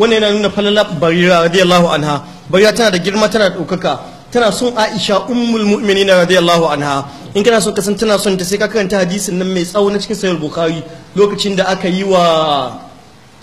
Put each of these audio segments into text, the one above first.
wannan yana nuna falala barira radiyallahu anha barira tana da girma tana da ɗaukaka tana son aisha ummul mu'minina radiyallahu anha in kana son kasan tana son ta sai ka karanta hadisin nan mai tsawo na cikin sahih bukhari lokacin da aka yi wa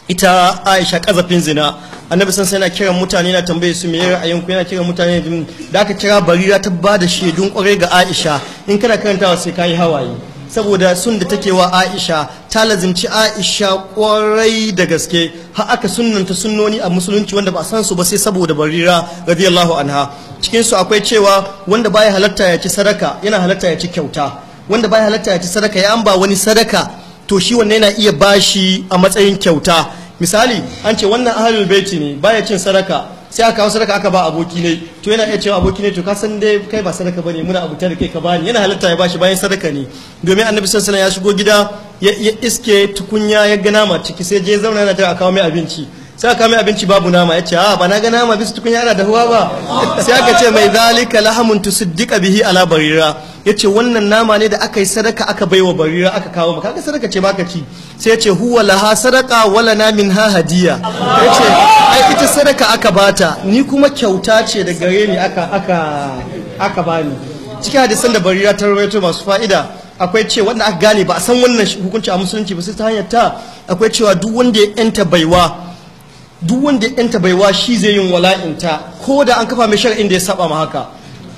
ita aisha kazafin zina annabi san sai na kiran mutane na tambaye su me ra'ayin ku yana kiran mutane da aka kira barira ta ba da shaidun kwarai ga aisha in kana karantawa sai ka yi hawaye saboda sun da take wa Aisha ta lazimci Aisha kwarai da gaske har aka sunnanta sunnoni a musulunci wanda ba san su ba sai saboda barira radiyallahu anha cikin su akwai cewa wanda baya halatta ya ci sadaka yana halatta ya ci kyauta wanda baya halarta ya ci sadaka ya amba wani sadaka to shi wannan yana iya bashi a matsayin kyauta misali an ce wannan ahlul baiti ne baya cin sadaka sai aka kawo sadaka aka ba aboki ne to yana iya cewa aboki ne to ka san dai kai ba sadaka bane muna abuta da kai ka bani yana halitta ya bashi bayan sadaka ne domin annabi sallallahu alaihi ya shigo gida ya iske tukunya ya ga nama ciki sai je zauna yana tare a kawo mai abinci sai aka mai abinci babu nama ya ce a ah, ba na ga nama bisa tukunya ana dahuwa ba sai aka ce mai zalika lahamun tusiddiqa bihi ala barira yace wannan nama ne da aka yi sadaka aka baiwa barira aka kawo maka kaga sadaka ce maka ci sai yace huwa laha sadaka wala na ha hadiya ce ai ita sadaka aka bata ni kuma kyauta ce da gare ni aka aka aka bani cikin hadisan da barira ta rawaito masu fa'ida akwai ce wanda aka gane ba a san wannan hukunci a musulunci ba sai ta hanyar ta akwai cewa duk wanda ya yanta baiwa duk wanda ya yanta baiwa shi zai yin wala'inta ko da an kafa mai shar'in da ya saba ma haka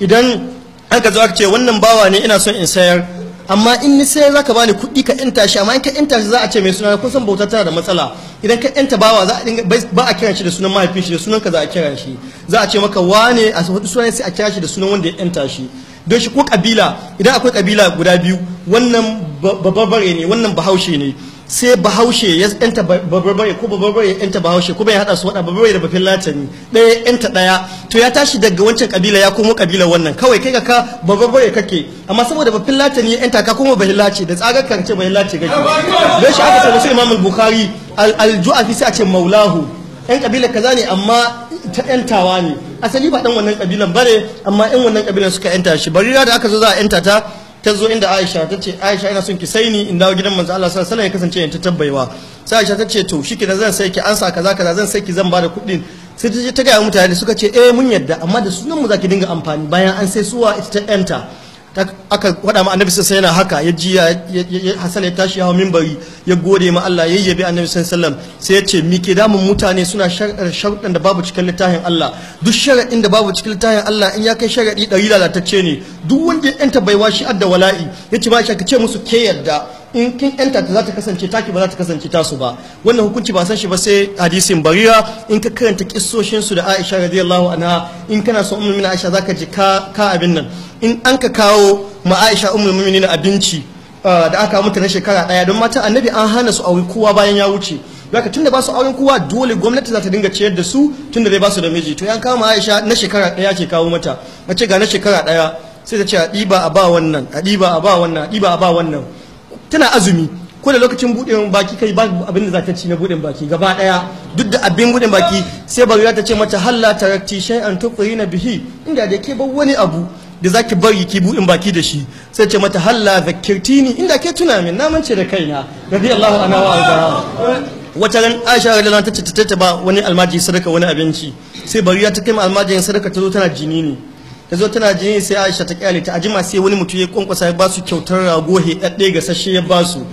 idan an ka zo ce wannan bawa ne ina son in sayar amma in ni sayar zaka bani kuɗi ka yan shi amma in ka inta shi za a ce mai suna kun san bauta tana da matsala idan ka inta bawa za a ba a kiran shi da sunan mahaifin shi da sunan ka za a kiran shi za a ce maka wane a wani sunan sai a kira shi da sunan wanda ya inta shi don shi ko kabila idan akwai kabila guda biyu wannan bababare ne wannan bahaushe ne sai bahaushe ya yanta babarbare ko babarbare ya yanta bahaushe kuma ya hada su wada babarbare da bafin latani daya yanta daya to ya tashi daga wancan kabila ya komo kabila wannan kawai kai ka ka babarbare kake amma saboda bafin latani ya yanta ka koma bafin lace da tsagar kan ce bafin lace gaji don shi aka samu sai imamul bukhari al-ju'afi sai a ce maulahu yan kabila kaza ne amma ta yantawa ne asali ba dan wannan kabilan bare amma yan wannan kabilan suka yanta shi barira da aka zo za a yanta ta ta zo inda Aisha ta ce Aisha ina son ki sai ni in dawo gidan manzo Allah sallallahu alaihi wasallam ya kasance in ta tabbaiwa sai Aisha ta ce to da zan sai ki ansa kaza kaza zan sai ki zan bada kuɗin sai ta je ta ga mutane suka ce eh mun yadda amma da sunan mu zaki dinga amfani bayan an sai suwa ita ta enter aka faɗa ma annabi sai yana haka ya ji hasan ya tashi hawo minbari ya gode ma Allah ya yabi annabi sallallahu sai ya ce mi ke mun mutane suna sharadin da babu cikin littafin Allah duk sharaɗin da babu cikin littafin Allah in ya kai sharaɗi ɗari lalatacce ne duk wanda ya yanta baiwa shi adda wala'i yace ba shi ka ce musu ke yarda in kin yanta ta za ta kasance taki ba za ta kasance tasu ba wannan hukunci ba san shi ba sai hadisin barira in ka karanta kissoshin su da Aisha radiyallahu anha in kana son ummu Aisha zaka ji ka ka abin nan in an ka kawo ma Aisha ummu mu'minin abinci ah, da aka mutu na shekara daya don mata annabi an hana su aure kowa bayan ya wuce zaka tunda ba su auren kowa dole gwamnati za ta dinga ciyar da su tunda zai ba su da miji to yan kama Aisha na shekara daya ce kawo mata mace ga na shekara daya sai ta ce a ɗiba a ba wannan a ɗiba a ba wannan a ɗiba a ba wannan tana azumi ko da lokacin buɗe baki kai ba abin da za ci na buɗe baki gaba ɗaya duk da abin buɗe baki sai barira ta ce mata halla tarakti shay'an na bihi inda da ke ba wani abu da zaki bari ki buɗe baki da shi sai ce mata halla zakirtini inda ke tuna min na mance da kaina Allahu ana wa arda wata ran Aisha radiyallahu anha ta ce ta ba wani almaji sadaka wani abinci sai bariya ta kai almajiyin sadaka ta zo tana jini ne ta zo tana jini sai aisha ta kyale ta ajima sai wani mutum ya kwankwasa ya basu kyautar rago heɗaɗɗe ga sashe ya basu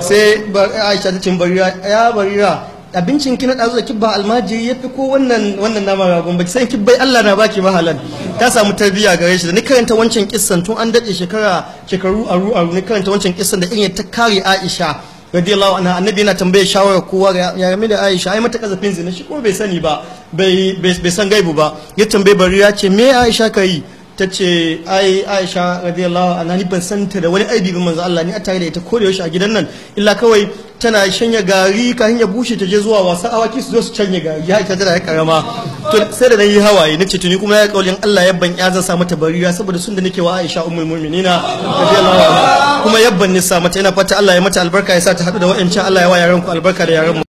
sai aisha ta ce barira ya barira abincin ki na ɗazu da kibba almajiri ya fi ko wannan wannan nama ragon baki sai kibbai Allah na baki mahalan. ta samu tarbiyya gare shi da ni karanta wancan kissan tun an daɗe shekara shekaru aru aru ni karanta wancan kisan da in ta kare Aisha Allah anha annabi yana tambayar shawara kowa ya game da Aisha ai mata kazafin zina shi ko bai sani ba bai san gaibu ba ya tambaye bari ya ce me Aisha kai ta ce ai Aisha Allah anha ni ban santa da wani aibi ba manzo Allah ni a tare da ita ko da yaushe a gidan nan illa kawai tana shanya gari ka hanya bushe ta je zuwa wasa awaki su zo su canye gari ya ita tana ya karama to sai da nayi hawaye nace tuni kuma ya kaulin Allah yabban ya zan sa mata bariya saboda sun da nake wa Aisha ummul mu'minina radiyallahu anha kuma yabban ni sa mata ina fata Allah ya mata albarka ya sa ta hadu da wa'ancan Allah ya wa yaran ku albarka da yaran